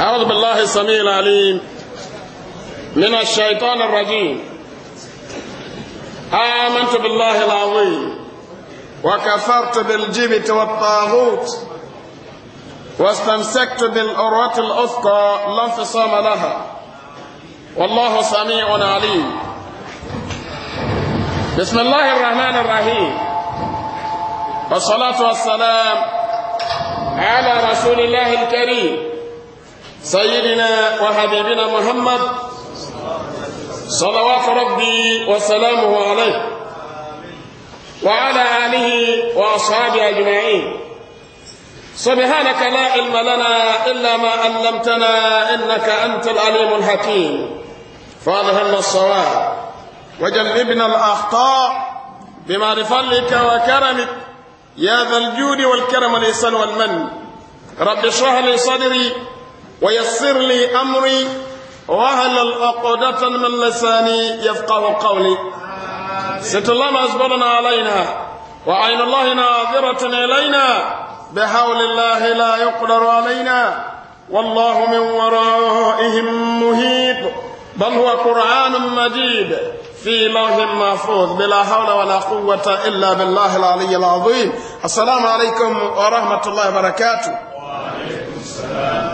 أعوذ بالله السميع العليم من الشيطان الرجيم آمنت بالله العظيم وكفرت بالجبت والطاغوت واستمسكت بالأروة الأثقى لا انفصام لها والله سميع عليم بسم الله الرحمن الرحيم والصلاة والسلام على رسول الله الكريم سيدنا وحبيبنا محمد صلوات ربي وسلامه عليه وعلى آله وأصحابه أجمعين سبحانك لا علم لنا إلا ما علمتنا إنك أنت العليم الحكيم فأظهرنا الصواب وجنبنا الأخطاء بما لفضلك وكرمك يا ذا الجود والكرم والإحسان والمن رب اشرح لي صدري ويسر لي أمري وهل الأقدة من لساني يفقه قولي ست الله ما أصبرنا علينا وعين الله ناظرة إلينا بحول الله لا يقدر علينا والله من ورائهم مهيب بل هو قرآن مجيد في لوح محفوظ بلا حول ولا قوة إلا بالله العلي العظيم السلام عليكم ورحمة الله وبركاته وعليكم السلام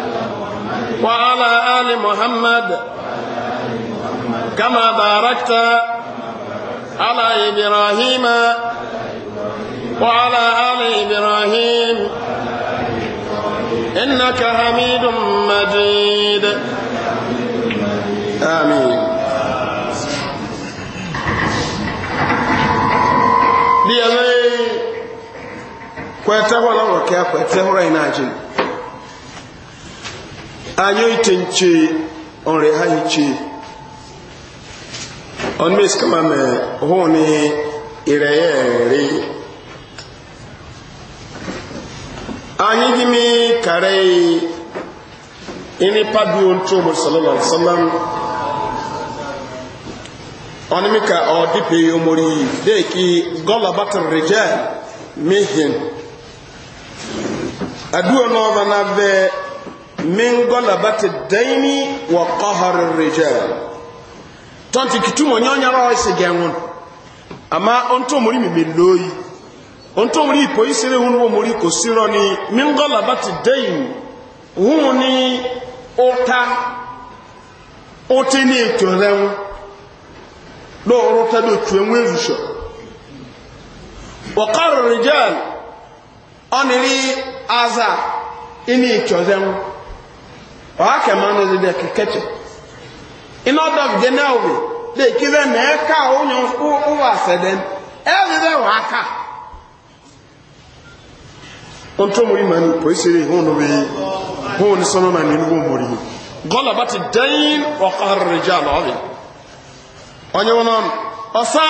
وعلى آل محمد كما باركت على إبراهيم وعلى آل إبراهيم إنك حميد مجيد آمين دي أمي كويته ولا وكيه كويته رأينا جنب anyị ayoitenche onre haiche onmes kama me honi ireyere anyi gimi kare ini padu onto mo sallallahu alaihi wasallam onimika odipe omori deki golabat rijal mihin aduo na vanave min gọlabati daini wa kọharin rijal tọ́n ti kìtù mọ̀ isi nyara ọ̀ẹ́sì gẹ̀wọ̀n àmá ohun tó mọ̀rí mìí lóyí ohun tó mọ̀rí ìpò ni min gọlabati daini hún ni ní ètò rẹ̀wọ̀n lóòrò aza ɔhakɛ ma no deɛ kɛkɛkyɛ ina ɔdɔm gye na obi de ki na ɛka a wonyɛ wowɔ asɛ dɛn ɛbi bɛ wɔ aka ɔntɔmu yi ma no poisiri e ho no bɛyi ho ne sɔnɔ na ne nubu mori yi gɔla bati dɛn ɔkɔhara regya na ɔnyɛ ɔsa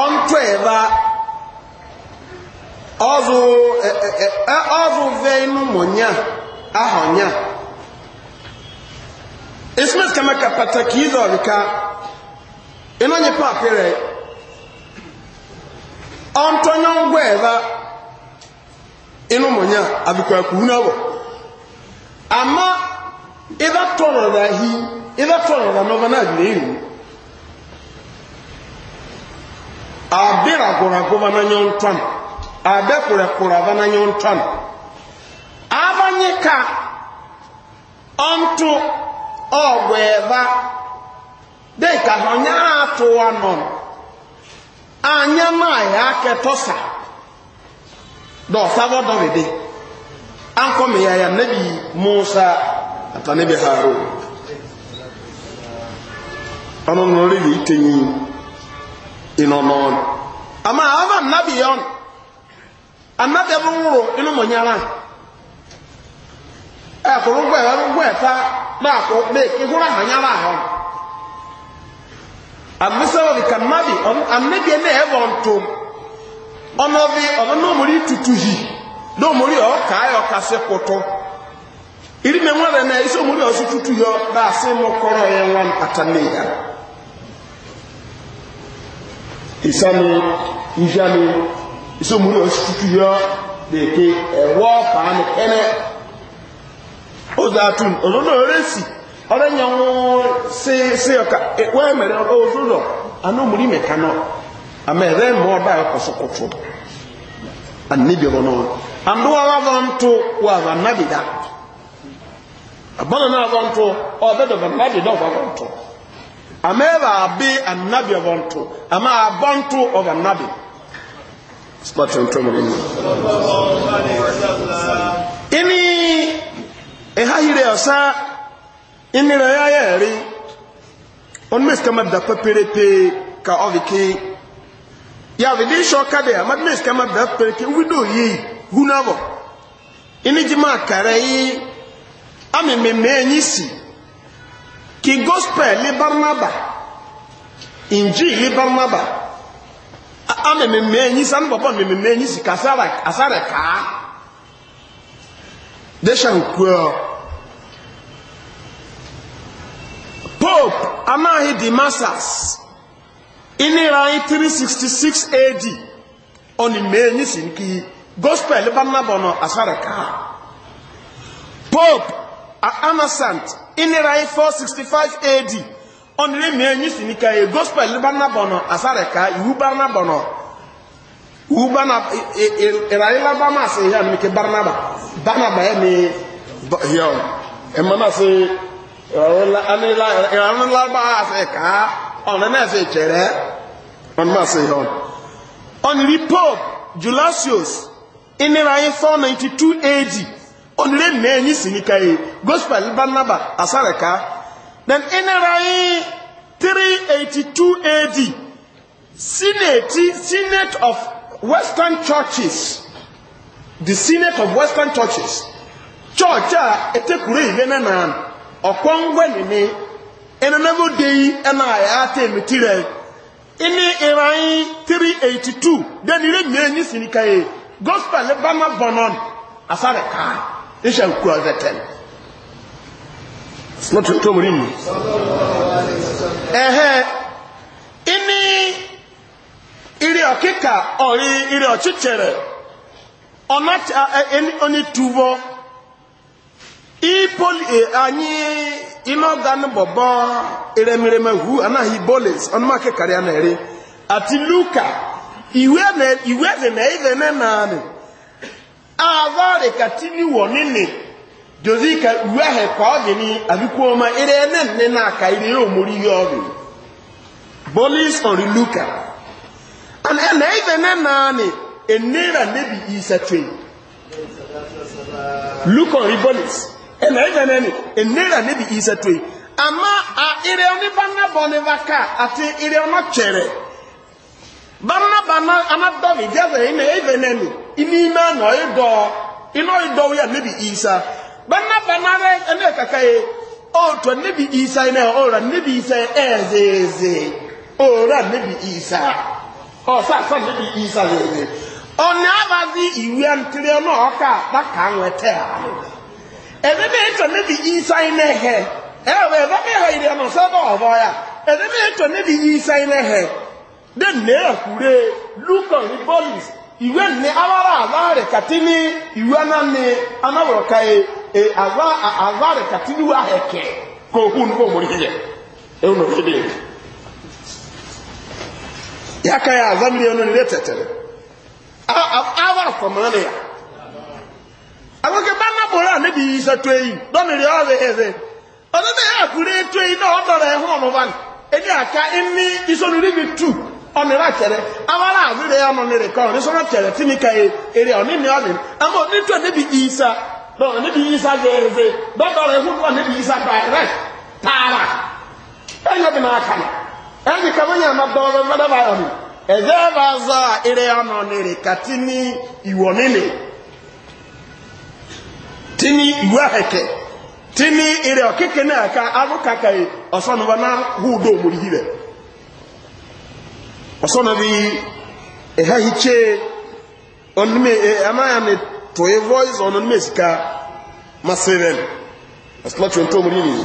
ọ̀ntọ́ ẹ̀bá ọzụ e, e, e, ve inú mọ̀nyá ahọ̀nyá ismet kamaka pàtàkì ìzọ̀rìká iná nyẹ pàpẹrẹ ọ̀ntọ́ nyọ́ ngwọ ẹ̀bá inú mọ̀nyá àbíkọ̀ ẹ̀kú náwọ̀ àmá ìdá tọ̀rọ̀ rà hí ìdá tọ̀rọ̀ rà abira goragova na nyontam abekure kurava na nyontam abanyika ontu ogweva deka honyara atuwa non anya mai aketosa do savo do bebe anko me ya nabi musa atanabi harun ọnụ ite itenyi inonon ama na nabi yon anabi abunwuro inu monyara ẹkùnrúgbọ ẹrúgbọ ẹta náà kó mẹkì húrà hànyára ahọn àmísẹ́wọ̀n kìkà nábì ànábì ẹ̀ náà ẹ̀wọ̀ ntòm ọ̀nọ́bì ọ̀nà náà mọ̀rí tutù yìí náà mọ̀rí ọ̀ọ́kà ayọ̀ rẹ̀ náà iṣẹ́ mọ̀rí tutù yọ bá a àtàlẹ́yà. ìsẹ́ni ìjẹ́ni ìsọ́múrí òṣìṣú yọ lèké ẹ̀wọ́ fàánì kẹ́nẹ́ ó dàtún òdòdó rẹ́sì ọ̀rẹ́yàn sí ọkà wọ́n ẹ̀mẹ̀rẹ̀ òṣòrò anúmúrí mẹ̀ka náà mọ́ ọba ẹ̀kọ̀sọ̀kọ̀tọ̀ àníbìrọ̀ náà ọrụ wọn tó wà wà àbọ̀nà náà wọn tó ọ̀bẹ̀dọ̀ ama ɛbɛ abe anabi abantu. ama abantu ɔbɛ anabi sɔtɔntɔn mu ini ɛha yire ɔsa inira ya yɛ ɛri ɔno mɛ sikama da pɛpɛrɛpɛ ka ɔbi ya yavidi sɔ de ama mɛ sikama da pɛpɛrɛpɛ uvidu do yi hunabɔ ini jima karei ame me me yi kí gospel lé barnaba injil lé barnaba amẹmẹmẹ ẹyin sanu bọbọ mẹmẹmẹ ẹyin sì kásárẹ kásárẹ káá dẹsán kúọ pope anahi dimasas ìnira yìí three sixty six ad ọ̀nì mẹ́ẹ̀ẹ́yìn sì kí gospel barnaba ọ̀nà kásárẹ káá pope anasant anyị 465 AD onire mee nyi si nike ye gospel barnabono asareka iwu iwu barnab irayila bama se ya mike banaba banaba ya ni yo emana se anila anila ka chere onma se yo onire pope Julasius inira 492 AD onire mmee nyi sinika yi gospel barnaba asareka then enerayi 382 ad senate senate of western churches the senate of western churches church a ah, etekuru ibe na na ọkwọngwe nini enenebo deyi ena ya ate emitire ini irayi 382 then ire mmee nyi sinika yi gospel barnaba asareka isha nkura vɛtɛn mɔtò tó mori mu Ehe. ini iri okika ɔri iri ochichere ɔnata ɛni ɔni tubɔ ipoli e, anyi inɔga ni bɔbɔ irɛmirɛmɛ hu anahi bolis ɔnuma kekari anari ati luka iwe eze na ɛyɛ vɛ nɛ naani. avaare kati ni wɔ ne ne dozi ka wɛhɛ kɔɔge ni abikuoma ere ne ne na ka ere yɛ omori yɔɔre bolis ɔri luka and ɛna ebe ne naani enera nebi bi luka ɔri bolis ɛna ebe ne ne enera nebi bi ama a ere onipa na bɔ ne ba ka ati ere ɔna kyerɛ. banna banna anada mi jaza ina eve nenu ini ina no ido ino ido ya nabi isa banna banna re ene kakaye o to nabi isa ina o ra nabi isa ezeze o ra nabi isa o sa sa nabi isa zeze o na abazi iwe antire no oka da ka nwete e, ha ebe be to nabi isa ina he ewe ebe be ha ire no sa do obo ya ebe be to nabi isa ina he de ne akure look on the police iwe ne awara aware katini iwe na ne anaworo kai e awa aware katini wa heke ko hun ko mori ye e uno kide ya kai ya awoke bana bora ne bi isa toyi don ri ove eze ono ne na ọmịrị tẹrẹ awara azere ọmọ mi rìkọ ọmọ sọrọ tẹrẹ tí tini ka ye èrè ọmọ mi ọmọ àmọ onítọ níbi ìyísá dọwọ níbi ìyísá zèzè dọdọ direct ɔsɔna bi ɛha hikye ɔnime ɛ e, anaya ne toye voice ɔno nime sika ma seven ɛsila twenty two omori ni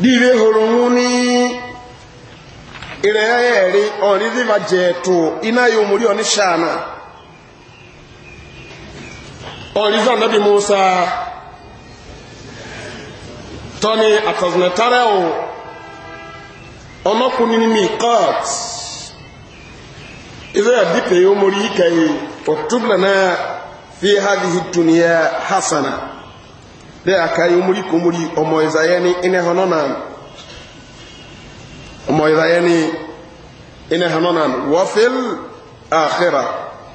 diibe horohu ni ìrẹ̀yà ẹ̀rí ọ̀rí ríva jẹ̀ẹ̀tò iná yóò mórí ọ̀ní ṣàánà ọ̀rí zanabi musa tọ́ni àtàzùnẹ̀tàrẹ́ ò ọmọkùnrin ní miqat ìfẹ́ àdìpẹ̀ yóò mọ̀rí ìkàyè ọ̀túbìlà náà fi hàdìhì tùnìyà hasana bẹ́ẹ̀ àkàyè mọ̀rí kò mọ̀rí ọmọ ìzàyẹ́ ní iná ẹ̀họ́ náà ọmọ ìzàyẹ́ ní iná ẹ̀họ́ náà wọ́fẹ́l àkẹ́rà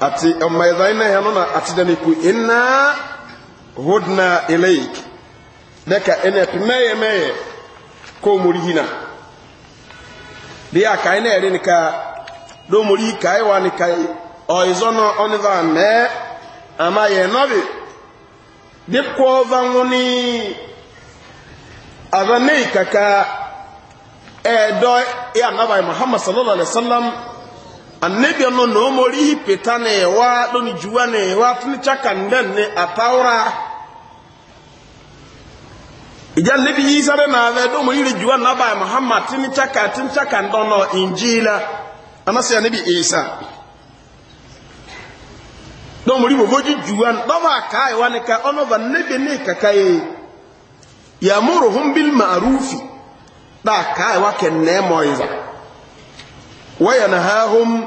àti ọmọ ìzàyẹ́ ní ẹ̀họ́ náà àti dẹ́nìkù hudna dị ka anyị na-eri nika domori ka anyị wa nika nọ ọnịza mee amaghị enọbi dịkwa ọva nwụni aza nei kaka ẹẹdọ ya muhammad sallallahu alayhi wa sallam, ọnụ na omori peta na ịwa juwa na ịwa chaka ija nabi isa da na da domin yiri juwa na bai muhammad tin chaka tin chaka ndono injila ana sai nabi isa domin ribo goji juwa ba ba kai wani ka ono ba nabi ne ka kai yamuruhum bil ma'rufi da kai wa ken ne moiza wa yanahahum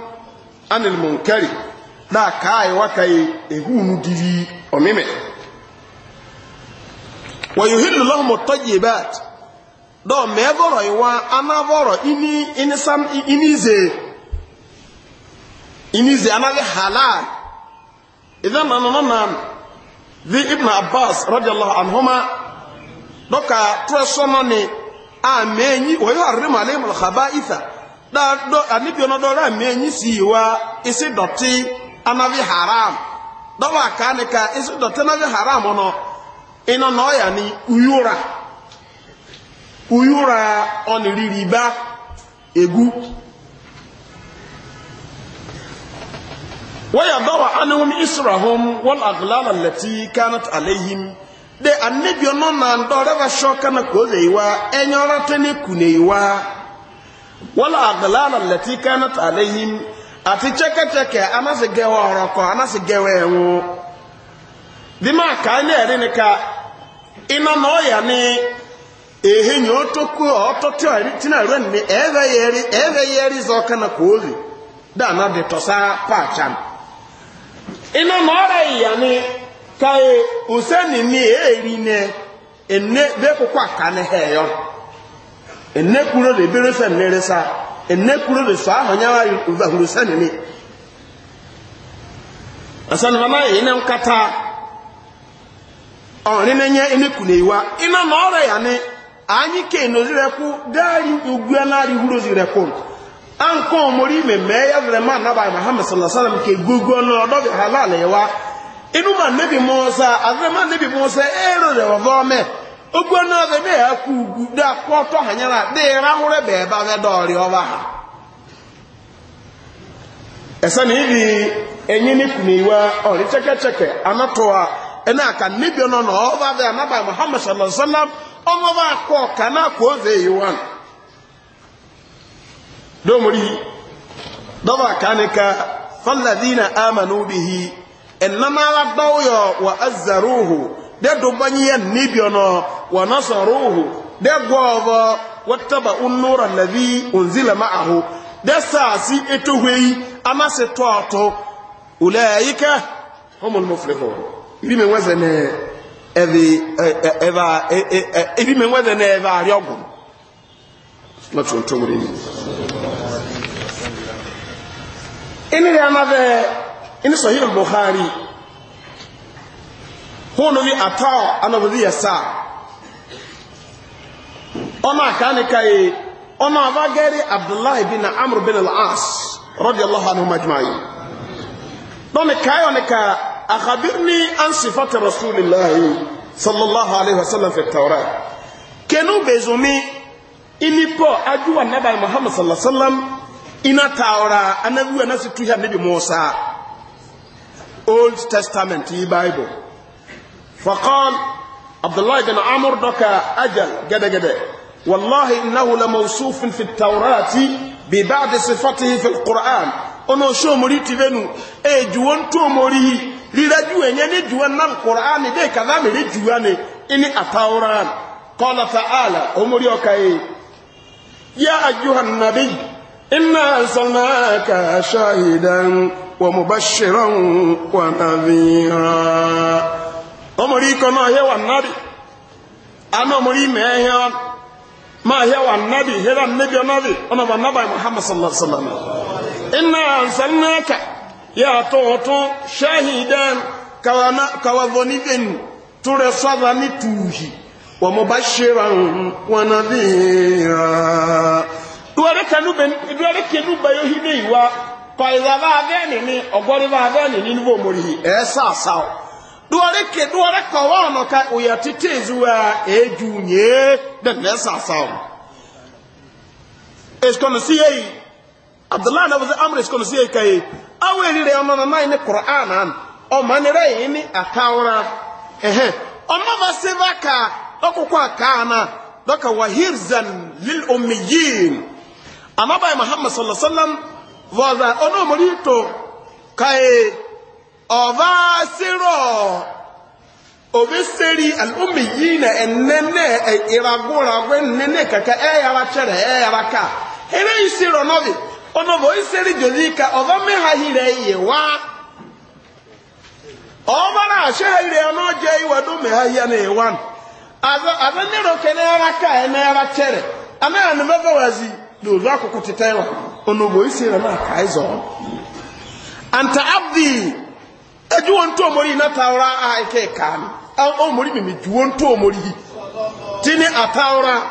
anil munkari da kai wa kai ehunu diri omime wayuhillu lahum at-tayyibat do mevoro iwa anavoro ini inisam inize inize anave halal idan nan nan nan vi ibn abbas radiyallahu anhuma doka tresono ni amenyi wayuharrimu alayhim al-khaba'itha da do anibi ono do ra amenyi siwa isi haram dọwa ka ni ka haram nọ iná nọ́ọ̀yà ni uyúra uyúra ọ̀nìrìrì bá egú wọ́yà dọ́wà anáwọn israhom wọ́n àgbàlá lẹ́tí kánat aléhìm de anabi ọ̀nà náà dọ́rẹ́bà ṣọ́ọ́ká na kò lè wá ẹ̀yìn ọ̀rọ̀ tẹ́lẹ̀ kù lè wá wọ́n àgbàlá lẹ́tí kánat aléhìm àti chẹ́kẹ́chẹ́kẹ́ anásìgẹ́wọ̀ ọ̀rọ̀kọ̀ anásìgẹ́wọ̀ ẹ̀wọ̀n dima ka ne ere ne ka ina no ya ni ehe nyo otoku ototo ari tina ru ni eve yeri eve yeri zo kana kozi da na de tosa pa chan ina no ra ya ni ka e useni ni e eri ne enne be ko kwa ka ne he yo enne kuro de bere se nere sa enne kuro de sa e hanya wa ru ba huru sani ni asan mama ina nkata ọ̀rin nẹ́yẹ inékùnlẹ̀ ìwá na ọ̀rẹ̀ yà ní àányíkè ìnòzí rẹ̀kú a ń kọ́ ọmọrí mẹ̀mẹ́ yàtọ̀rẹ̀ máa nábàá muhammad sallallahu ke gbogbo ọ̀nà ọ̀dọ́bẹ̀ halal ẹ̀wá inú ma nẹ́bi mọ́ọ́sá àtẹ̀rẹ̀ máa nẹ́bi mọ́ọ́sá èrò rẹ̀ wọ́fọ́ mẹ́ ogun ọ̀nà ọ̀dẹ̀ bẹ́ẹ̀ yà kú ugu dá ọba ha cheke ɛna aka nibio no na ɔba bɛ anaba muhammad sallallahu alaihi wa sallam ɔmo ba akɔ ɔka na akɔ ɔve yi wan domori dɔba aka ne ka faladina amanu bihi ɛnam ara dɔwyɔ wa azaruhu de do nibio no wa nasaruhu de gɔɔbɔ wataba unura nabi unzila ma'ahu de saasi eto hwei anase tɔɔto ulaayika humul muflihun ibime nweze na ebe arịa ọgwụ lọtụ ntụ nwere ime iniri ihe ini sahih al-bukhari hono bi ya anabudi yasa ona ọnụ kai ona vagari abdullah ibn amr bin al-as radiyallahu anhu majma'in don kai أخبرني عن صفات رسول الله صلى الله عليه وسلم في التوراة كانوا بيزومي إني بو أجوا النبي محمد صلى الله عليه وسلم إن التوراة أنا بو أنا ستوها نبي موسى Old Testament Bible فقال عبد الله بن عمر دكا أجل جدا جدا والله إنه لموصوف في التوراة ببعض صفاته في القرآن أنا شو مريت بنو أجوان تو مريه liraju enye ne juwa nan qur'ani de kaza me de juwa ne ini atawran qala ta'ala umuri okaye ya ayyuhan nabiy inna arsalnaka shahidan wa mubashiran wa nadhira umuri kono he wa nabi ana umuri me he ma he wa nabi he da nabi nabi ona ba nabi muhammad sallallahu alaihi wasallam inna arsalnaka ya toto shahidan kawana kawadhonibin ture sava mituhi wa mubashiran wa nadhira duwareke nuben duwareke nuba yo hibe iwa ko iza ba gani ni ogori ba gani ni nivo murihi esa sawo duwareke awo erire ọmọ mama yi ni kur'an an ọmọ ni rẹ yi ni akawura ẹhẹ ọmọ ma se ba ka ọkọkọ akaana dọka wahirzan lil omiyin amabayi muhammad sallallahu alaihi wa sallam vọza ọna omori to kae ọba sirọ obi seri al'omiyin na ẹnẹnẹ ẹ iragoragwe ẹnẹnẹ kẹkẹ ẹ yàrá kyerẹ ẹ yàrá ká eré yìí sirọ nọbi. ono voiseri jodika ọba mehahire iye wa ọba na ashehire ọnụ je iwado mehahia na ewan aza nero na ara ka e na ara chere amara na mebe wazi dozu akụkụ tita iwa ono voiseri na ka izo anta abdi ejuwo ntu omori na taura a ike kan omori mimi juwo ntu omori tini ataura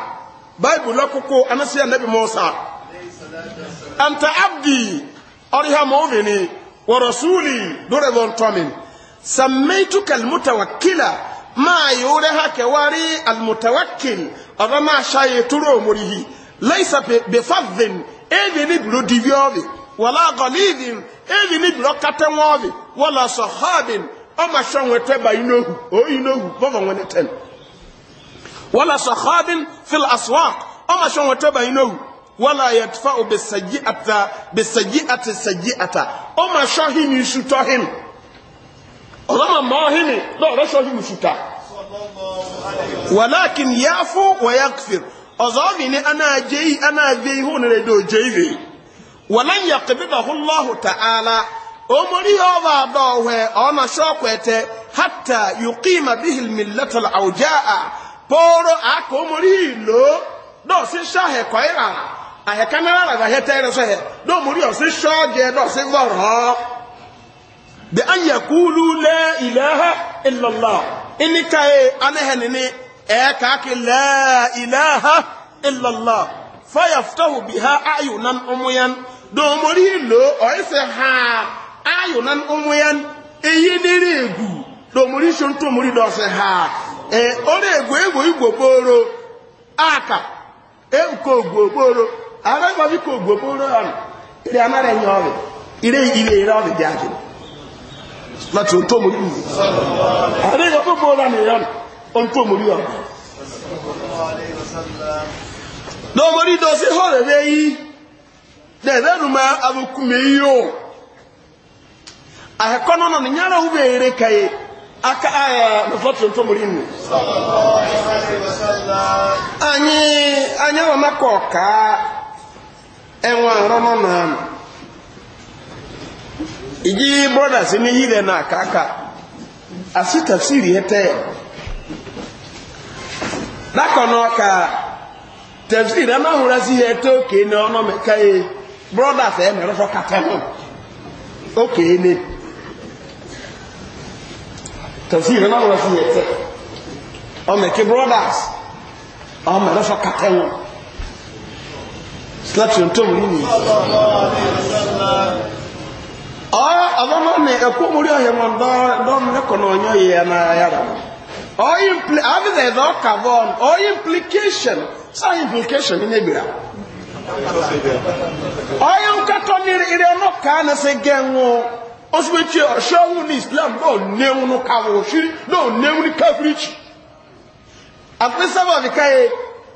bible akuko anasi anabi musa أنت عبدي أريها مؤمني ورسولي دور ذون تومن سميتك المتوكلة ما يورها كواري المتوكل أبا ما شاي مريه ليس بفض إذن ابن ديفيوفي ولا غليظ إذن ابن كتنوه ولا صحاب أما وتبا ينوه أو ينوه بابا ونتن ولا صحاب في الأسواق أما وتبا ينوه wala yɛtfa o besayi ata besayi ati sayi ata ɔma sɔhini sutɔhin ɔlɔma mɔhini na ɔlɔ sɔhini suta walakin yaafo wayakfir ɔzɔɔbini ana jeyi ana veyi hɔn ne do jeyi veyi wala yakibi ba hulahu ta'ala omori ɔba dɔwɛ ɔna sɔkwɛtɛ hata yukima bihi milatal awjaa pooro akomori lo dɔsi sahɛ kɔyira. ahekanara raba hetere so he do muri ose shoje do se goro bi an yakulu la ilaha illa allah inni kai anahe ni e ka ki la ilaha illa allah fayaftahu biha ayunan umuyan do muri lo o se ha ayunan umuyan eyi niri egwu na muri shuntu muri do se ha Ee ore egu egwu igbo boro aka e ko egu boro ara gba biko bụrụ ọnụ ire amara enye ọrụ ire ire ire ọrụ dị agị otu ohun tó mú rí ààrẹ yọ fún bọ́ọ̀lá nìyàn ohun tó mú rí ọ̀rọ̀ lọ́gbọ́rí na họ́rẹ̀ ma abúkúmẹ̀ yíò àhẹ́kọ́ náà ni yára wúbe èrè aka anyị ẹnwọ àrọ́nà náà nù ìjí brothers ní na náà na àsìtà sírì ẹtẹ́ dákọ̀nà ọkà tẹ̀sírì ẹ máa hùrẹ́ sí ẹtẹ́ òkè ní ọ̀nà mẹ́ka yẹ brothers ẹ mẹ́rọ fọ́ kàtẹ́ nù òkè ní tẹ̀sírì ẹ máa hùrẹ́ sí ẹtẹ́ ọmọ ẹ̀kẹ́ brothers ọmọ ẹ̀rọ fọ́ slati ntɔ mu nini ɔyɛ abama ne ɛkó mu ri ɔyɛmɔ dɔm ne kɔnɔ ɔnyɛ yɛ na yara ɔyɛ oh, impli abi dɛ dɔ kavɔn ɔyɛ implication saa implication ne bira ɔyɛ oh, nkatɔ ne ire no kaa ne se gɛnwo osibeti ɔhyɛnwu ne islam dɔw newu no kawo osiri dɔw newu ne kafirikyi afei sábà bi ka ye.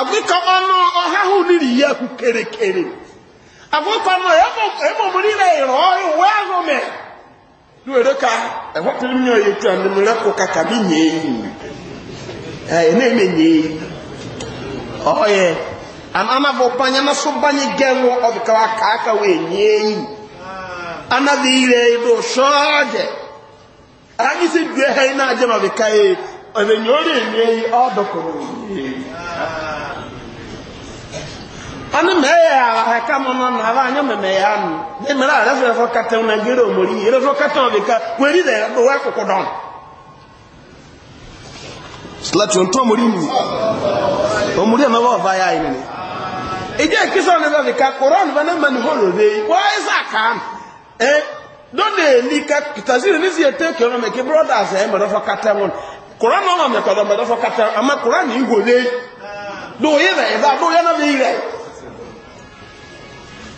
abụkọ ọnụ ọha ahụ riri ya ahụ kere kere abụkọ nọ emomori na ịrọ uwe ahụ me duwere ka ewepụrụ m ya etu a mmemme kụka ka bi nye eyi e na-eme nye eyi ọhịa anabụkwa anya na sụbanye genwụ ọbụkawa aka aka wee nye eyi anaghị ire ịdụ shọọje anyị si due ha ị na-aje ma ọbịka eyi ọbịa enye eyi ọ dọkọrọ eyi ani mɛyɛ ahɛka mu no na aba anyɛ mɛmɛyɛ ano ne mɛrɛ a yɛrɛ fɔ kata na gere omori yɛrɛ fɔ kata bi ka wɛri dɛ yɛrɛ wɛ koko dɔn silati ontu omori mu omori a n'aba ɔba ya ayinɛ ɛdi ekisa ne bɛ bi ka koran bɛ ne ma ne hɔn lobe yi wɔ ayisa kan ɛ e, dɔnde ni ka tasiri ne si ete kiri na mɛ ki brothers ɛ e, mɛrɛ kata mu koran na ɔma mɛ kɔdɔ mɛrɛ fɔ kata ama koran ni iwo de do yɛ bɛ yɛ ba do yɛ na bɛ yi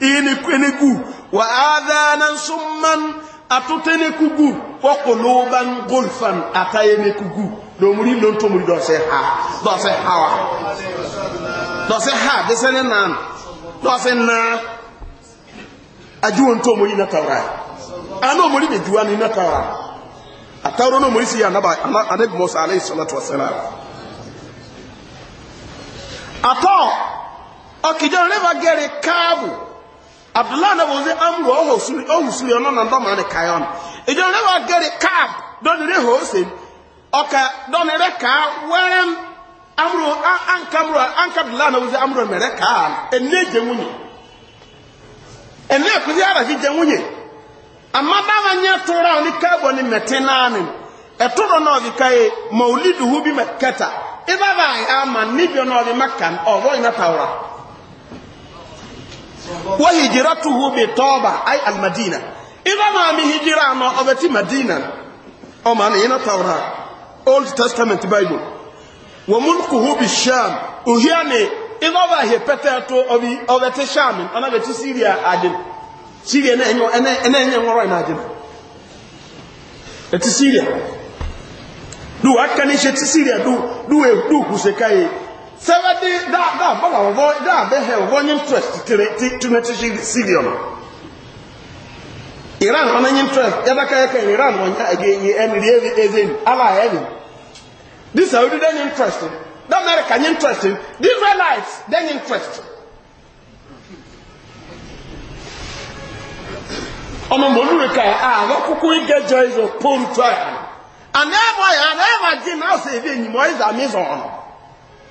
ini wa adhanan summan atutene kugu wa quluban gulfan atayene kugu do muri lon to muri do se ha do se do se ha de se ne do se na ajuwon to muri na tawra ano muri juwa ni na tawra atawro no muri si anabi musa alayhi salatu ato okijon abdullahi na wozi amuru ohusuri ohusuri ono na ndoma ka ya ọnụ ne wa gere gari don re hosin oka don re ka werem amuru anka kamuru anka kabdullahi na wozi amuru mere ka enne je munye enne ekuzi ara fi je munye amma ba wanya tora ni kabo ni metenanin etoro na ogi kai maulidu hubi makkata idaba ama nibyo na ogi makkan ozo ina tawra wa hijratuhu bi toba ay al madina ida ma mi hijira no obeti madina o ma ni na tawra old testament bible wa mulkuhu bi sham uhiane ida ba he peteto obi obeti sham ana beti syria adin syria na enyo ene ene ngoro na adin eti syria Do du akani she ti syria do do e du kusekai sɛbɛ de da daa bɔla wɔbɔ daa bɛ hɛ wɔbɔ nye interest ti tuna ti siri ɔno iran ɔno nye interest yabaka yɛ iran wɔnya ɛgɛyɛ ɛniri ɛvi ɛvin ala ɛvi di ala dɛ nye interest dɛ america nye interest di israelite dɛ nye interest ɔmɔ mɔlu yi ka yɛ a ah, wɔ kuku yi gɛ jɔ yi zɔ pom tɔ yɛ ana ɛmɔ yɛ ana ɛmɔ gyi na ɔsɛ ebi enyim ɔyɛ zami zɔn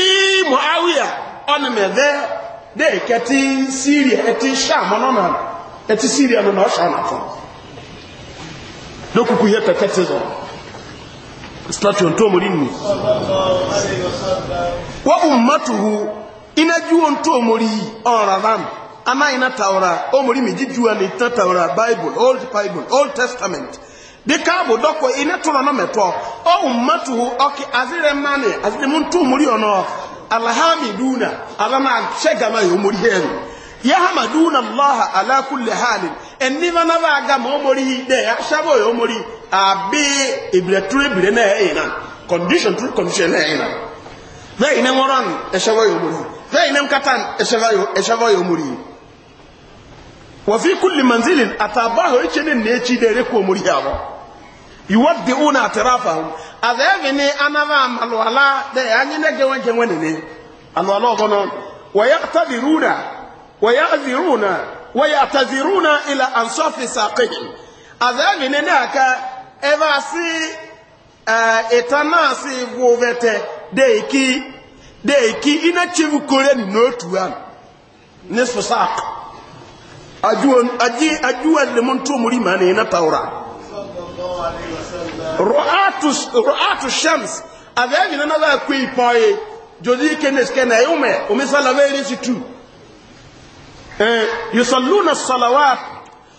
ii muawiya ɔne mɛ dɛ dɛ kɛte syria ɛte sham ɔno na ɛte syria no na ɔhyɛ n'afɔ ne kuku yɛ pɛpɛte zɔ statue ntomori mu wa ummatuhu inajuwo ntomori ɔraram ana ina taura omori mi jijuwa ni ta taura bible old bible old testament dịka abụ dọkwa ine tụrụ nọ metọ ọ mmatụ ọkị azịrị mmanị azịrị m ntụ mụrị ọnọ alhamiduna ala na shegama ya omori ihe elu ya hamaduna allah ala kulli hali enni ma na ga ma omori de ya shabo ya omori abi ibire turu ebire na ya ina condition turu condition na ya ina na ina ngoran eshabo ya omori na nkata mkatan eshabo ya e omori wa fi kulli manzilin atabahu ichene ne chi dere ko omori ya abụọ. iwadde una atrafahum adhabi ni anava malwala de yani ne gewen gewen ni anwala gono wayaqtadiruna wayaziruna wayataziruna ila ansaf saqihim adhabi ni naka evasi uh, etanasi wovete de iki de iki ina chivu kore ni notu an nisfu saq ajuan aji ajuan le montu muri mane na tawra sallallahu alaihi ru'atu shams avevi na nava kui poe jodi kenes kena yume umisala veri situ eh yusalluna salawat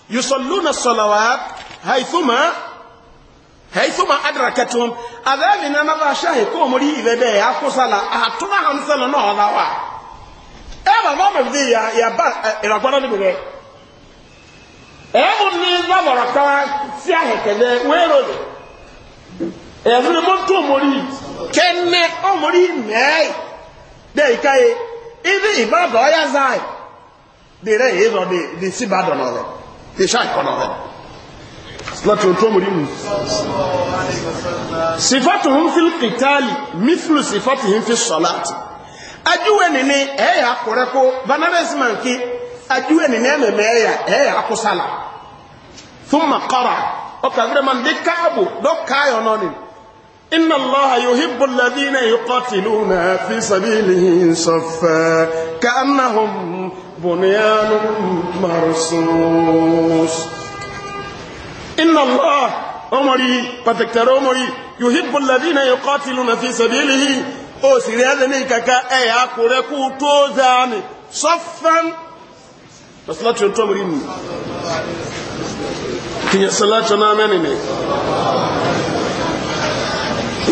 yusalluna salawat haythuma haythuma adrakatum avevi na nava shahi ko muri ibede akusala atuma hamsala no odawa eba mama bidi ya ya ba iragwana e, e, ni bere ebo ni zavara kwa siahe kede werode ẹ̀rùn mọ́ tó mọ́rí kẹ́nẹ́ ọmọrí mẹ́ẹ̀ dẹ́ ìkáyé ibi ìbádọ̀ ọyá záì dèrè èèzọ̀ dè sí ìbádọ̀ náà rẹ̀ dè ṣá ìkọ́nà rẹ̀ láti ohun mọ́rí mú sífàtù ń fi kìtàlì mífìlù sífàtù ń fi sọ̀láàtì ajúwẹ̀ nìní ẹ̀yà akọ̀rẹ́kọ́ vanadesi manki nìní ẹ̀mẹ̀mẹ̀ ẹ̀yà ẹ̀yà fún makara إن الله يحب الذين يقاتلون في سبيله صفا كأنهم بنيان مرصوص إن الله عمري بتكتر عمري يحب الذين يقاتلون في سبيله أو سيريادني كاكا أي أكوريكو توزاني صفا بس تمرين كي صلاة نامنني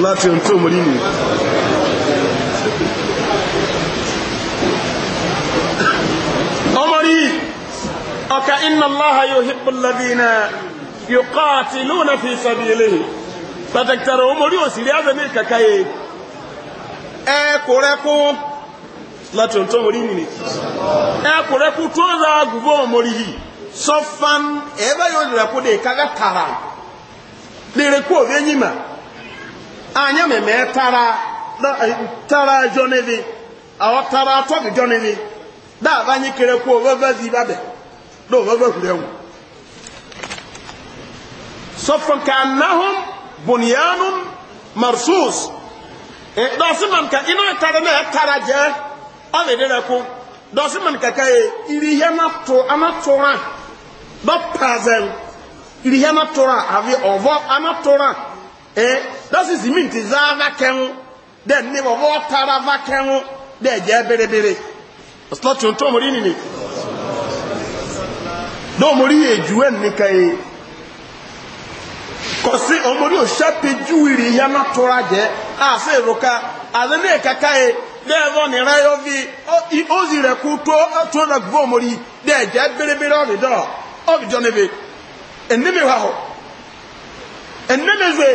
láti ohun tó mọ̀rí nìyí ọmọrí ọka iná láha yóò hìpù lẹ́bìnà yóò kọ́ àti lónà fi sọ́bí ilé pàtàkìtàrà ọmọrí òsìrí azẹ́mí kàkàyè ẹ kò láti ohun tó mọ̀rí nìyí ẹ tó rà gùgbọ́ ọmọrí yìí sọfán ẹ̀ẹ́bẹ̀ yóò rẹ̀kú dé kága lè rẹ̀kú òbí anya mɛmɛ tara eh, tara jɔnivi awɔ tara tɔbi jɔnivi daa ba nyi kere ko vɛvɛ vi ba bɛ do vɛvɛ hulɛ wo sɔfɔ kanahum bunyanum marsus ɛ e, dɔsi man ka ina e tara mɛ e tara jɛ ɔbɛ de ko dɔsi man ka ka ye iri yɛ na to ana tora dɔ paazɛn iri Eh, dọ́sì sìmìntì zá vakẹ́hún dẹ́ ní bọ̀bọ̀ tara vakẹ́hún dẹ́ jẹ́ bèrèbèrè ọ̀sọ́tì tó mọ̀rí nìyí náà mọ̀rí yẹ juwẹ́ nìkan yìí kò sí ọmọdé òṣèpè júwìrì yẹn náà tóra jẹ́ àṣẹ ìrọ̀ká àti ní ìkàkà yìí dẹ́ẹ̀bọ̀ ní ráyọ́bí ó sì rẹ̀ kú tó ọ́tọ́nà gbọ́ mọ́rí dẹ́ẹ̀jẹ́ bẹ́rẹ̀bẹ́rẹ̀ ọ̀rẹ́dọ́ ọ̀bìjọ́ níbi ẹ̀nẹ́mẹ̀wà ọ̀ ẹ̀nẹ́mẹ̀wẹ̀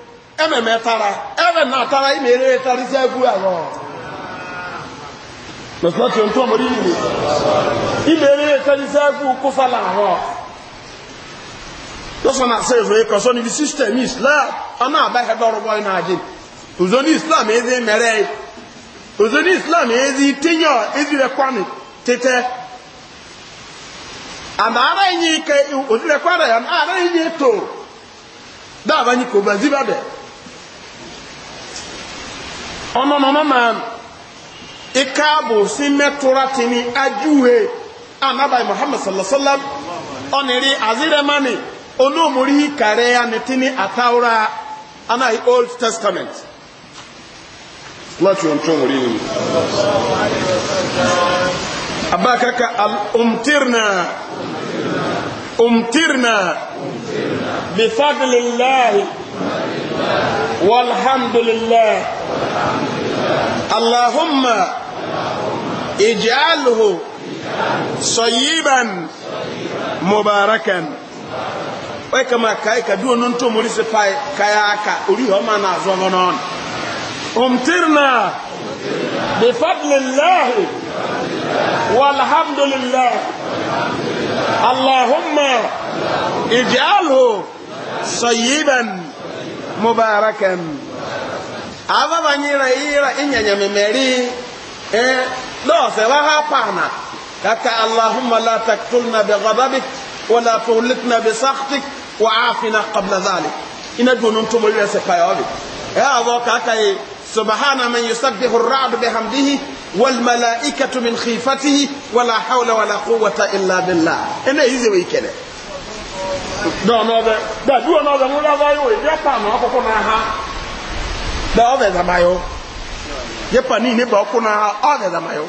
ẹmẹ̀mẹ̀ tara ẹmẹ̀ náà tara ìmẹ̀ eré tari sí ẹkú àwọ̀ mẹ̀sùlá tí ó ń tó ọmọdé ìlú ìmẹ̀ eré tari sí ẹkú kó fàlà àwọ̀ lọ́sọ̀ náà sẹ́ ìfẹ́ kọ̀ sọ́ni bí sísítẹ̀mù islam ọmọ àbáhẹ́dọ́ ọ̀rọ̀ bọ́ islam ezi mẹ́rẹ́ òzò ní islam èzí tíyàn ezi rẹ̀ kwani tẹ́tẹ́ àmà ara yìí kẹ́ òzì rẹ̀ kwani àmà ara yìí tó dáàbá yìí kò bá zíbàbẹ̀ ọmọ mọ̀mọ́ máa ikaabo sí mẹ́tura ti ní ajúwe anabai muhammad sallasallam ọ̀nìrí aziremani olóòmùrí kàrẹ́ ya ní ti ní àtàwọ́ra anayi old testament láti ọ̀ntọ́ wòrí ni abakaka al'umtirna umtirna bifadlillahi والحمد لله اللهم اجعله صيبا مباركا وكما كايكا دون انتو مريس فاي كاياكا اريهم انا زغنون امترنا بفضل الله والحمد لله اللهم اجعله صيبا مباركا ava banyira ira inyanya memeri eh do se wa hapana kaka allahumma la taktulna bi ghadabik wa la tuhlitna bi sakhtik wa afina qabla dhalik ina dunun tumulira se payawi eh avo kaka e سبحان من يسبح الرعد بحمده والملائكة من خيفته ولا حول ولا قوة إلا بالله إنه إذا ويكله dɔɔ n'ɔbɛ dɛ duwɔ n'ɔbɛ ŋun lɛ ɔbɛ yɛ yɛ pa n'ɔkɔ kɔ n'aha dɛ ɔbɛ zama yɛ yɛ pa nii ne ba ɔkɔ n'aha ɔbɛ zama yɛ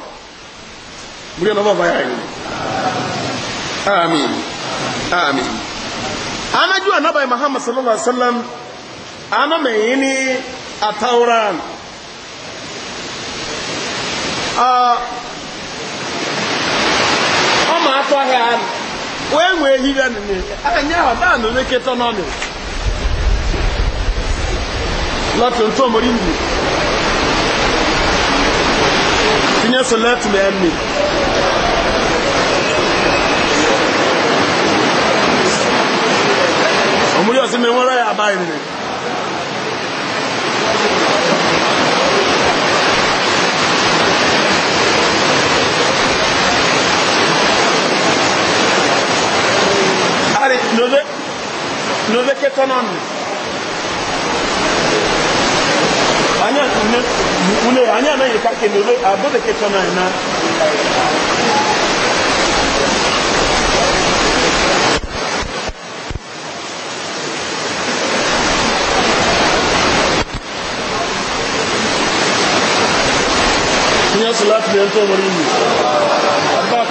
múlẹ̀ lọ́wọ́ bá yára yìí amin amin anájú anábàá muhammad sallallahu alaihi wasallam anamẹ̀yìn ní atauran ọmọ ah, atọ́ ahẹ́ wee wee hire nne anya ha daa na ole keta nọ nị lọtụ ntụ omori ndị tinye solet na nne omori ọsị na enwere ya abaghị nne nobe nobe ke kanon anya ne une anya na yika ke nobe abobe ke kanon na Tinha salatu da yanto marini.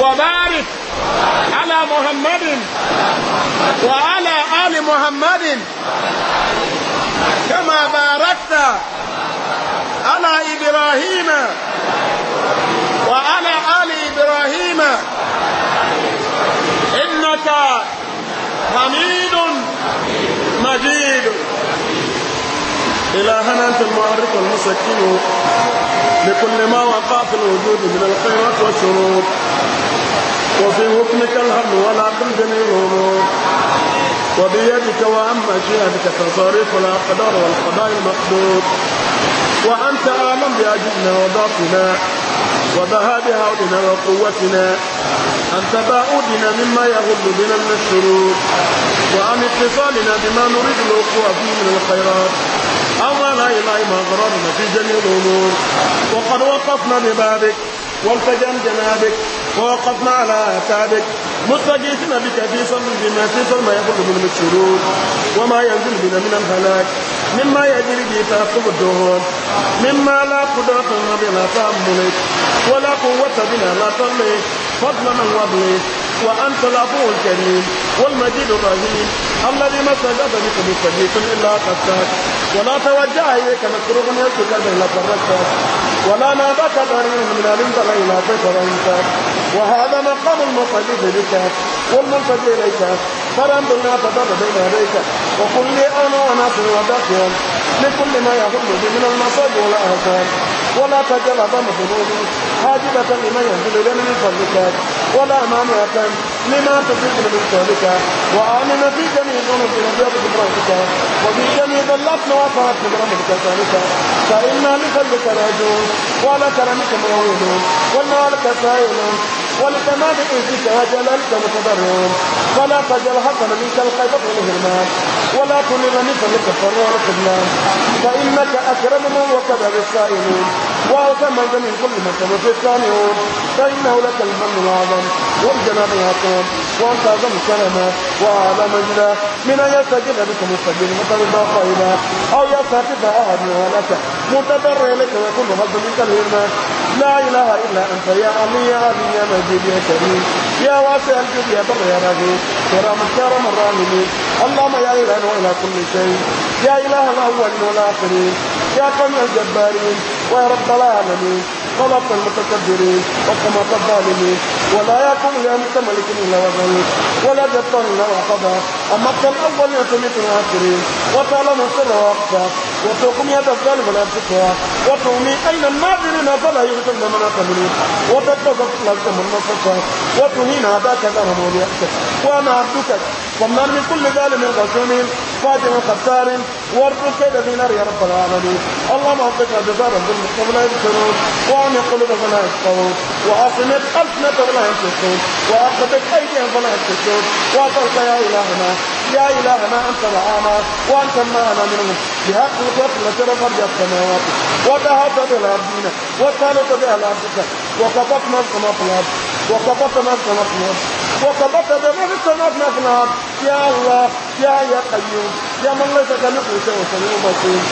وبارك على محمد وعلى آل محمد كما باركت على إبراهيم وعلى آل إبراهيم إنك حميد مجيد إلهنا أنت المعرف المسكين لكل ما وقع في الوجود من الخيرات والشروط وفي حكمك الحمد والعقل جميع الأمور وبيدك واما مشيئتك تصريف الأقدار والقضاء المقدور وأنت أعلم بأجلنا وضعفنا وذهاب هودنا وقوتنا أنت باعودنا مما يغل بنا من الشرور وعن اتصالنا بما نريد الوقوع فيه من الخيرات أما لا إله إلا أغرارنا في جميع الأمور وقد وقفنا ببابك والتجم جنابك ووقفنا على أعتابك متجئتنا بك في صلب بما في صلب ما يخرج من الشرور وما ينزل بنا من الهلاك مما يجري به تأخذ الدهون مما لا قدرة بنا تأملك ولا قوة بنا لا تملك فضلا من وضلك وأنت العفو الكريم والمجيد الرحيم الذي ما استجاب بك من صديق إلا قتاك ولا توجه إليك مكروه يسجد إلا فرجتك ولا ناداك ضرير من علمت لا إلا فكرهتك وهذا مقام المنفذ للكهف والمنفذ إليك فرم بالنا فضر بين يديك وقل لي أنا ناصر وباقيا لكل ما يهم بي من المصائب والأهزام ولا تجل ظن فضولي حاجبة لمن ينزل إلي من فضلك ولا مانعة لما تزيد من ذلك وآمن في جميع ذنوب نبيك برحمتك وفي جميع ضلتنا وفرت من رحمتك ذلك فإنا لفضلك راجون ولكرمك مؤمنون لك سائلون ولتمام إذك وجلالك متضرون فلا تجل حقا منك الخيبة والهرمان ولا كن غنيفا لك فرور الخدمان فإنك أكرم من وكذا بالسائلين وأوتم من كل من تبقى الثانيون فإنه لك المن العظم والجناب العظيم تنصرون وأنت أعظم كلمة وأعلم مجدا من أن يستجيب بكم السبيل متبدا خيرا أو يستحقق أحد وهلك متبرع لك ويكون غضب منك الهرمة لا إله إلا أنت يا علي يا علي يا مجيد يا كريم يا واسع الجود يا بر يا رغيب كرام الكرم الراحمين اللهم يا إله وإلى كل شيء يا إله الأول والآخرين يا قوي الجبارين ويا رب العالمين خلق المتكبرين وقمة الظالمين ولا يكن لأنت ملك إلا وزن ولا جبار إلا وحدا أما كان أول وتميت الآخرين وتعلم السر وأخفى وتقوم يد الظالم على ابتكار وتغني أين الناظرين فلا يغتن من أتمنون وتتذكر لك من نصفك وتهين هداك الأرم وليأتك وأنا عبدك ومن من كل ظالم غشوم فاجر خسار وارجو كيد في نار يا رب العالمين اللهم أعطيك جزاء الظلم قبل يذكرون وأن يقولوا فلا يذكرون وعصمت ألسنة فلا ينطقون وأخذت أيديهم فلا ينطقون وقلت يا إلهنا يا إلهنا أنت معنا وأنت معنا منهم بحق القتل التي رفعت السماوات وذهبت بها أبدينا وسالت بها الأرضك وقطفنا السماء في الأرض وقطفنا السماء في الأرض وقبضت بمن استنفنا في النار يا الله يا يا قيوم يا من ليس كمثلك وسميع بصير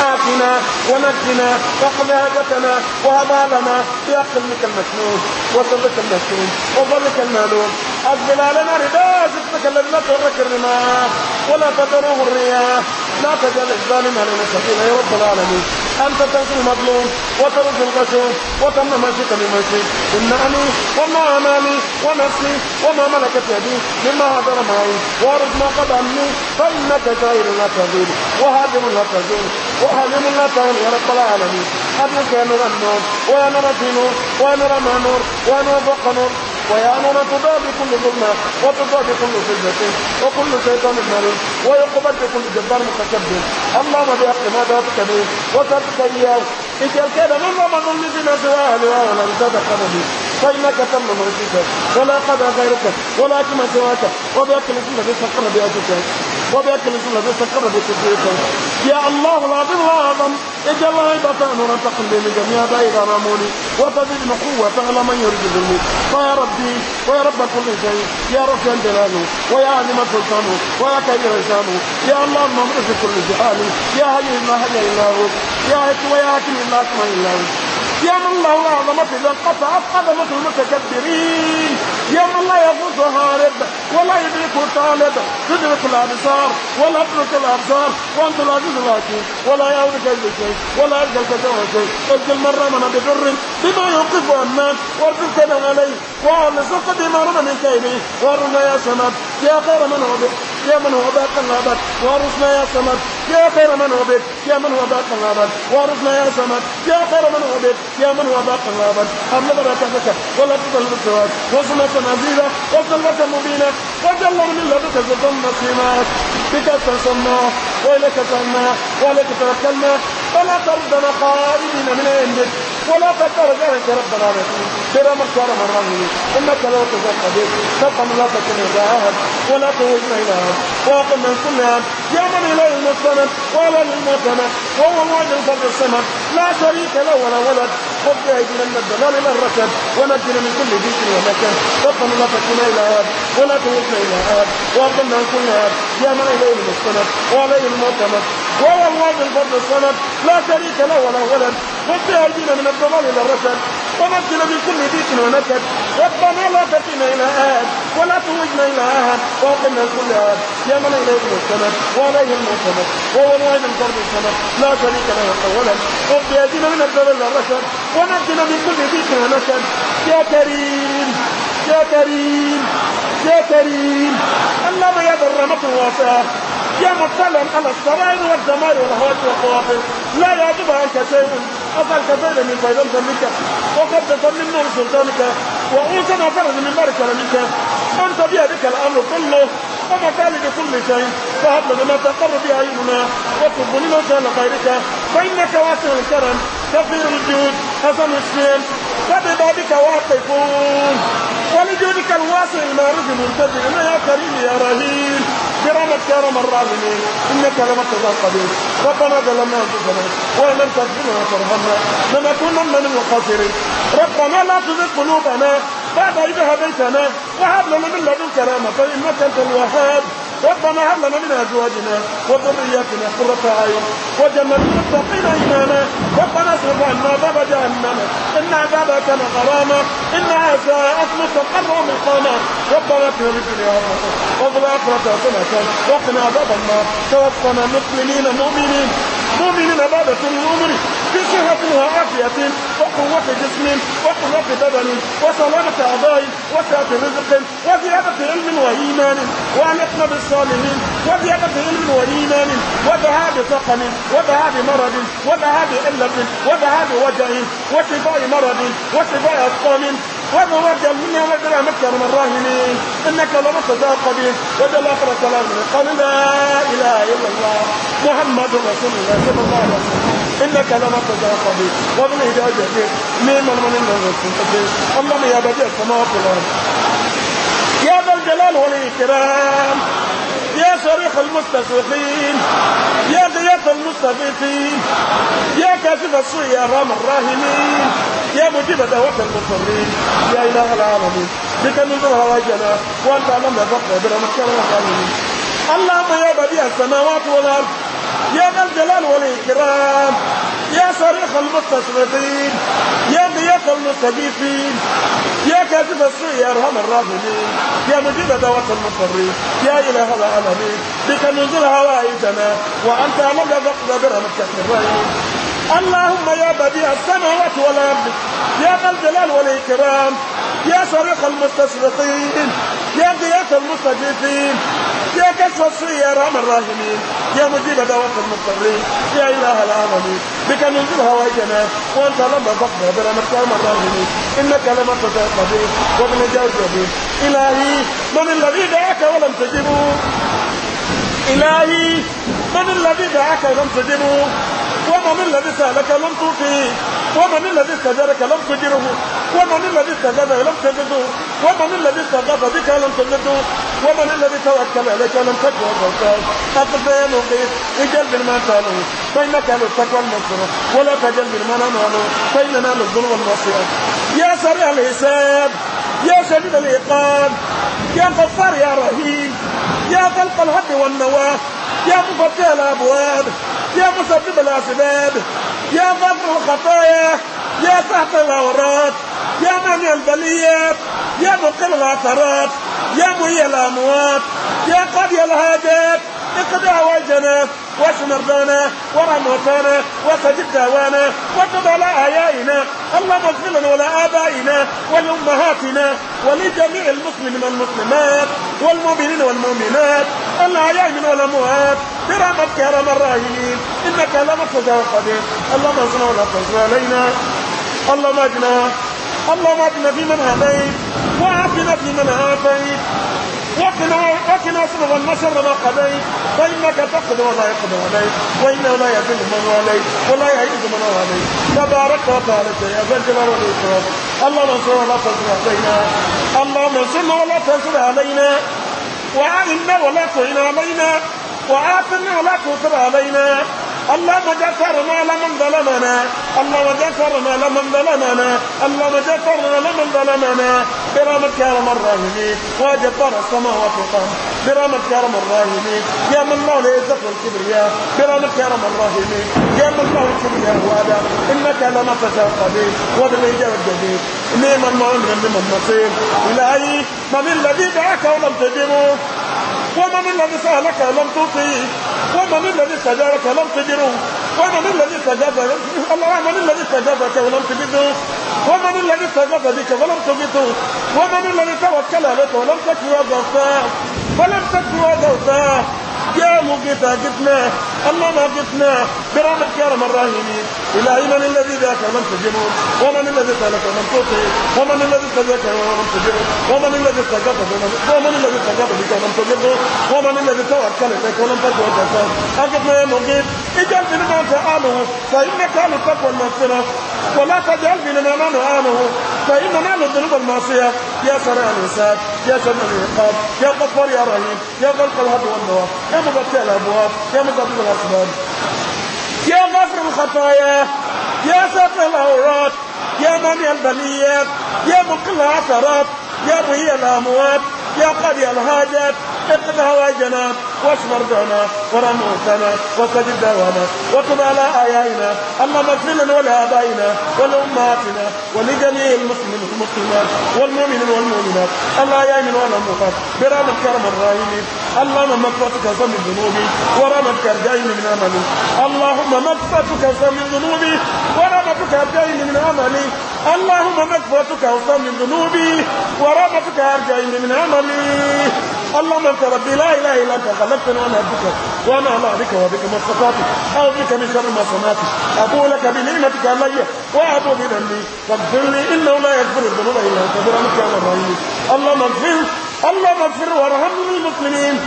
آتنا ومجدنا واقض هدفنا في لنا بأخذك المسنون وسرك المسنون وظلك المالون أقبل علينا رداء ستك الذي لا تغرك الرماح ولا تدروه الرياح لا تجعل إجبالنا علينا سبيلا يا رب العالمين أنت تنسي المظلوم وترد الغشوم وتمنى ما شئت لمن شئت إنني وما أمامي ونفسي وما ملكت يدي مما هدر معي وارد ما قد عني فإنك جاير لا تزيد وهادم لا تزيد وهادم لا تهل يا رب العالمين أبنك يا نور النور ويا نور الدين ويا نور ما ويا نور فوق نور ويا نور تضادي كل ظلمة وتضاب كل سجدة وكل شيطان مريض ويقبل بكل جبار متكبر اللهم بحق ما ذاتك به وتبت إياه اجعل كان من رمضان الذين سوى أهلها ولا تدخل به فإنك تم مرسيك ولا قضى غيرك ولا كما سواك وبأكل كل ذي فقر بأجلك وبأكل الجملة بيستقر بتسويته يا الله العظيم الأعظم إجل الله نورا ورتقل من جميع بعيد راموني وتزيدني قوة على من يريد ذلك فيا ربي ويا رب كل شيء يا رفيع جلاله ويا عالم سلطانه ويا كبير شانه يا الله المؤمن في كل جهال يا هي ما هي إلا هو يا حكم ويا حكم إلا أكمل إلا هو يا من له العظمة إذا انقطعت قدمة المتكبرين يوم لا يفوز هارب ولا يدرك طالب تدرك الابصار ولا تدرك الابصار وانت العزيز الحكيم ولا يعودك اي شيء ولا يلقى الكتاب شيء اجل من رمنا بضر بما يوقف الناس وارجو عليه وأن سقط إمامنا من كيبي وارنا يا سمد يا خير من هو بك يا من هو باق الأبد وارثنا يا سمد يا خير من هو بك يا من هو باق الأبد وارثنا يا سمد يا خير من هو بك يا من هو باق الأبد حمل بركتك ولا تضل بالسواد وسنة عزيزة وسنة مبينة وجل من الله سلطان نسيمات بك تسمى وإليك سلمنا وإليك توكلنا فلا تردنا خائبين من عندك ولا تترجعك ربنا رسول مختار من رمي انك لو قدير تقم لا تكن الى ولا توجه الى احد واقم من كل عام يا من اليه المستند ولا للمعتمد وهو الوعد الفرد الصمد لا شريك له ولا ولد خذ بايدينا من الضلال الى الركب ونجنا من كل ضيق ومكان تقم لا تكن الى احد ولا توجه الى احد واقم من كل عام يا من اليه المستند وعليه المعتمد وهو الله بالفضل الصمد لا شريك له ولا ولد وادى الدين من الضلال الى الرشد ومثل بكل بيت ومسد ربنا لا تكلنا الى اهل ولا توجنا الى اهل واقمنا كل اهل يا من اليه المستند وعليه المعتمد وهو الواحد الفرد الصمد لا شريك له ولا ولد وادى الدين من الضلال الى الرشد ومثل بكل بيت ومسد يا كريم يا كريم يا كريم الذي يد الرمة واسعة يا مطلعا على السرائر والدمائر والهوات والقوافل لا يعجب عنك شيء أفعل كثيرا من فيضان ذنبك وقد تظلم نور سلطانك وأوسن فرد من مارك لك أنت بيدك الأمر كله وما ومكان لكل شيء فهب لنا ما تقر به عيننا وتقبلنا شان خيرك فإنك واسع الكرم شفيع الجود حسن حسين فبذلك واقفون ولجودك الواسع المعرفة المنتظر يا كريم يا رهيم كرامك يا رب الراحمين انك لم تزال قدير ربنا ظلمنا انفسنا وان لم تغفر لنا وترحمنا لنكونن من المخاسرين ربنا لا تزغ قلوبنا بعد اذ هديتنا وهب لنا من لدنك رحمه انك انت الوهاب ربنا هب لنا من ازواجنا وذرياتنا قرة اعين وجنة المتقين ايمانا ربنا اصرف عنا باب جهنم ان عذابها كان غراما انها ساءت مستقرا مقاما ربنا اكرم الدنيا وفي الاخره سنه وقنا عذاب النار توفنا مسلمين مؤمنين مؤمنين بعد كل في صحة وعافية وقوة جسم وقوة بدن وسلامة أعضاء وسعة رزق وزيادة علم وإيمان وأن بالصالحين وزيادة علم وإيمان وذهاب سقم وذهاب مرض وذهاب علة وذهاب وجع وشفاء مرض وشفاء أسقام وتوجه منا وجل مكر من الراهنين انك لرسل قدير وجل اخر كلام قال لا اله الا الله محمد رسول الله صلى الله عليه وسلم إنك لما تزال قبيل ومن إذا جئت ميم من من القبيل أما من يبدي السماوات والأرض يا ذا الجلال والإكرام يا صريخ المستشرقين يا غياث المستغيثين يا كاشف السوء يا رام الراهمين يا مجيب دعوة المضطرين يا إله العالمين بك نزل هواجنا وأنت لم يفقه برمك الظالمين اللهم يا بديع السماوات والأرض يا ذا الجلال والإكرام يا صريخ المستشرفين يا ضيق المستجيبين يا كاتب السوء يا ارحم الراحمين يا مجيب دعوة المضطرين يا اله العالمين بك ننزل هوائجنا وانت لم تقضى برحمتك الرحيم اللهم يا بديع السماوات والارض يا ذا الجلال والاكرام يا صريخ المستشرقين يا ضياف المستجيبين يا كسر يا رحم الراحمين يا مجيب دعوة المضطرين يا إله العالمين بك ننزل هواجنا وانت لما فقنا عبر يا الراحمين إنك لما تطيع قدير ومن إلهي من الذي دعاك ولم تجبه إلهي من الذي دعاك لم تجبه ومن الذي سألك لم تعطيه ومن الذي استجارك لم تجره ومن الذي استجاب لم تجده ومن الذي استغاث بك لم تجده ومن الذي توكل عليك لم تكن فوقه أقبل قيس اجل بالمن تالو فإنك أهل التقوى المنصر ولا تجل بالمن أنوانه فإننا للظلم والمصير يا سريع الحساب يا شديد العقاب يا غفار يا رحيم يا خلق الحق والنواه يا مفتح الابواب يا مسبب الاسباب يا غفر الخطايا يا تحت الاوراد يا من البليات يا بق العثرات يا مهي الأموات يا قضي الهادات اقضى وجنا واشمر دانا وارحم وطانا واستجب دعوانا آيائنا اللهم اغفر ولا آبائنا ولامهاتنا ولجميع المسلمين والمسلمات والمؤمنين والمؤمنات الاعياء من الأموات برحمتك يا رب الراحمين انك لم تجاوز قدير اللهم اغفر ولا تنصر علينا اللهم اجنا اللهم اهدنا فيمن هديت وعافنا فيمن عافيت وقنا وقنا واصرف عنا شر ما قضيت فانك تقضي ولا يقضي عليك وانه لا يذل من واليت ولا يعيد من واليت تبارك وتعالى يا ذا الجلال والاكرام اللهم انصرنا ولا تنصر علينا اللهم انصرنا ولا تنصر علينا وعنا ولا تعين علينا وعافنا ولا تنصر علينا اللهم جفرنا لمن ظلمنا اللهم جفرنا لمن ظلمنا اللهم جفرنا لمن ظلمنا برحمتك يا ارحم الراحمين وجبر السماوات والارض برحمتك يا ارحم الراحمين يا من له العزه والكبرياء برحمتك يا ارحم الراحمين يا من له الكبرياء وادم انك لما تشاء قدير وبالاجابه الجديد نعم المؤمن نعم النصير الهي من الذي دعاك ولم تجبه وما من الذي سالك ولم تطيع وما من الذي استجارك لم تجره وما من الذي استجاب الله من الذي استجاب لك ولم تجده وما من الذي استجاب بك ولم تجده وما من الذي توكل عليك ولم تكن وضعته ولم تكن وضعته يا مجد جدناه أما ناقصنا برحمتك يا رب الراحمين إلهي من الذي ذاك من تجنون ومن الذي سألك من تعطي ومن الذي استجاك من تجنون ومن الذي استجاب ومن الذي استجاب بك ومن تجنون ومن الذي توكل إليك ولم تجعل تسام أجبنا يا مجيب اجعل من لنا تعاله فإنك أهل التقوى المغفرة ولا تجعل من لنا ما نعانه فإننا أهل الذنوب المعصية يا سريع الحساب يا سميع العقاب يا غفار يا رحيم يا غلق الهد والنواب يا مفتح الأبواب يا مقبل أكبر يا غفر الخطايا يا ساتر الأوراق يا من البليات يا مقل العثرات يا مهي الأموات يا قاضي الهاجات اقضى هواجنا واشمر دعنا ورم موتنا وسجد دوانا وتب على آيائنا اللهم اغفر لنا ولآبائنا ولأمهاتنا ولجميع المسلمين والمسلمات والمؤمنين والمؤمنات الله يامن ولا مفات برام الكرم الراحمين اللهم مغفرتك من ذنوبي ورمتك ارجعني من عملي اللهم مغفرتك من ذنوبي ورمتك ارجعني من عملي اللهم مغفرتك من ذنوبي ورمتك ارجعني من عملي اللهم انت ربي لا اله الا انت خلقتني وانا عبدك وانا على بك وبك ما استطعت او بك من شر ما صنعت اقول لك بنعمتك علي وابو بذنبي فاغفر لي انه لا يغفر الذنوب الا انت برحمتك يا الرحيم اللهم اغفر اللهم اغفر وارحم للمسلمين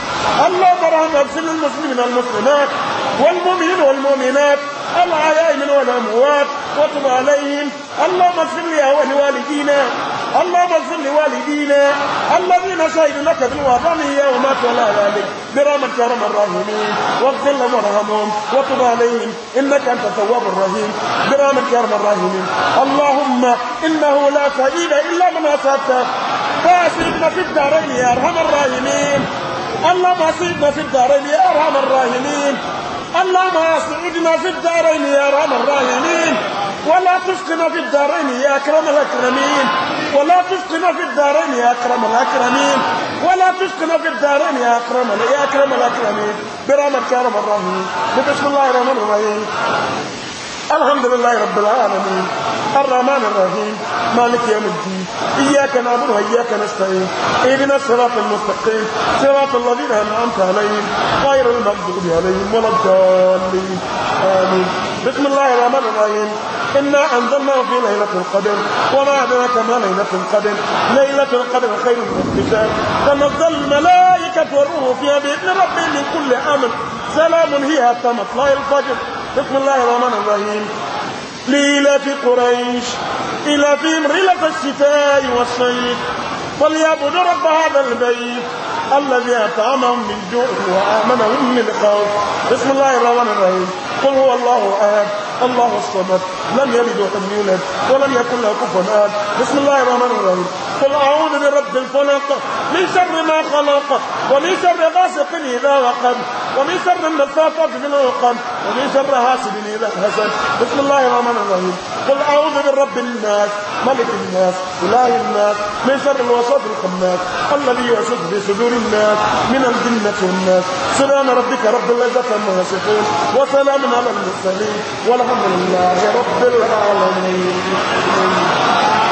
اللهم ارحم اغفر للمسلمين والمسلمات والمؤمنين والمؤمنات الأحياء من والأموات وتب عليهم اللهم اغفر لي ولوالدينا اللهم اغفر لوالدينا الذين شهدوا لك بالوطن يوم تولى ذلك برحمتك يا ارحم الراحمين واغفر لهم وارحمهم وتب عليهم انك انت التواب الرحيم برحمتك يا ارحم الراحمين اللهم انه لا سعيد الا من اتاك فاسرنا في الدارين يا ارحم الراحمين اللهم اسعدنا في الدارين يا ارحم الراحمين اللهم اسعدنا في الدارين يا ارحم الراحمين ولا تسقنا في الدارين يا اكرم الاكرمين تسقنا في الدارين يا أكرم الأكرمين ولا تسقنا في الدارين يا أكرم يا أكرم الأكرمين برحمتك يا رب الرحيم بسم الله الرحمن الرحيم الحمد لله رب العالمين الرحمن الرحيم مالك يوم الدين إياك نعبد وإياك نستعين اهدنا الصراط المستقيم صراط الذين أنعمت عليهم غير المغضوب عليهم ولا الضالين آمين بسم الله الرحمن الرحيم إنا أنزلناه في ليلة القدر وما أدراك ما ليلة القدر ليلة القدر خير من الكتاب تنزل الملائكة والروح فيها بإذن ربهم من كل أمر سلام هي حتى مطلع الفجر بسم الله الرحمن الرحيم ليلة قريش إلى فيهم ريلة الشتاء والصيف فليعبدوا رب هذا البيت الذي أطعمهم من جوع وآمنهم من خوف بسم الله الرحمن الرحيم قل هو الله أهد الله الصمد لم يلد ولم يولد ولم يكن له كفوا أحد بسم الله الرحمن الرحيم قل أعوذ برب الفلق من شر ما خلق ومن شر غاسق إذا وقب ومن شر النفاثات في العقد ومن شر حاسد إذا حسد بسم الله الرحمن الرحيم قل أعوذ برب الناس ملك الناس إله الناس من شر الوسواس الخناس الذي يوسوس في صدور الناس من الجنة والناس سبحان ربك رب العزة عما يصفون وسلام على المرسلين والحمد لله رب العالمين